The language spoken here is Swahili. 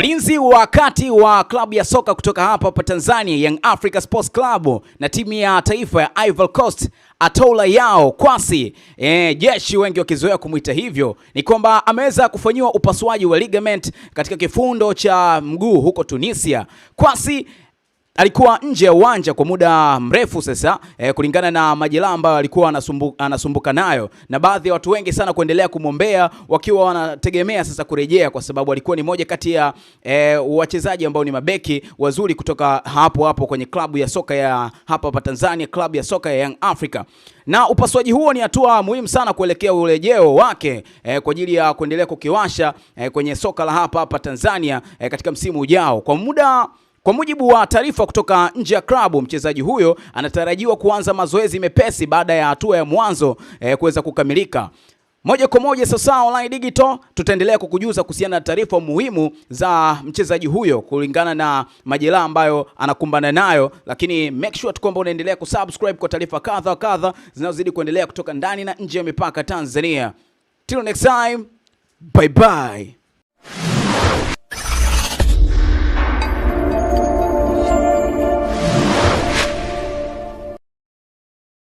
Mlinzi wa kati wa klabu ya soka kutoka hapa hapa Tanzania Young Africa Sports Club na timu ya taifa ya Ivory Coast Atola Yao Kwasi e, jeshi wengi wakizoea kumwita hivyo, ni kwamba ameweza kufanyiwa upasuaji wa ligament katika kifundo cha mguu huko Tunisia. Kwasi alikuwa nje ya uwanja kwa muda mrefu sasa e, kulingana na majeraha ambayo alikuwa anasumbu, anasumbuka nayo, na baadhi ya watu wengi sana kuendelea kumwombea wakiwa wanategemea sasa kurejea, kwa sababu alikuwa ni moja kati ya e, wachezaji ambao ni mabeki wazuri kutoka hapo hapo kwenye klabu ya soka ya hapa hapa Tanzania, klabu ya soka ya Young Africa. Na upasuaji huo ni hatua muhimu sana kuelekea urejeo wake e, kwa ajili ya kuendelea kukiwasha e, kwenye soka la hapa hapa Tanzania e, katika msimu ujao kwa muda kwa mujibu wa taarifa kutoka nje ya klabu, mchezaji huyo anatarajiwa kuanza mazoezi mepesi baada ya hatua ya mwanzo eh, kuweza kukamilika. Moja kwa moja sasa online digital tutaendelea kukujuza kuhusiana na taarifa muhimu za mchezaji huyo kulingana na majeraha ambayo anakumbana nayo, lakini make sure tu kwamba unaendelea kusubscribe kwa taarifa kadha kadha zinazozidi kuendelea kutoka ndani na nje ya mipaka Tanzania. Till next time, bye bye.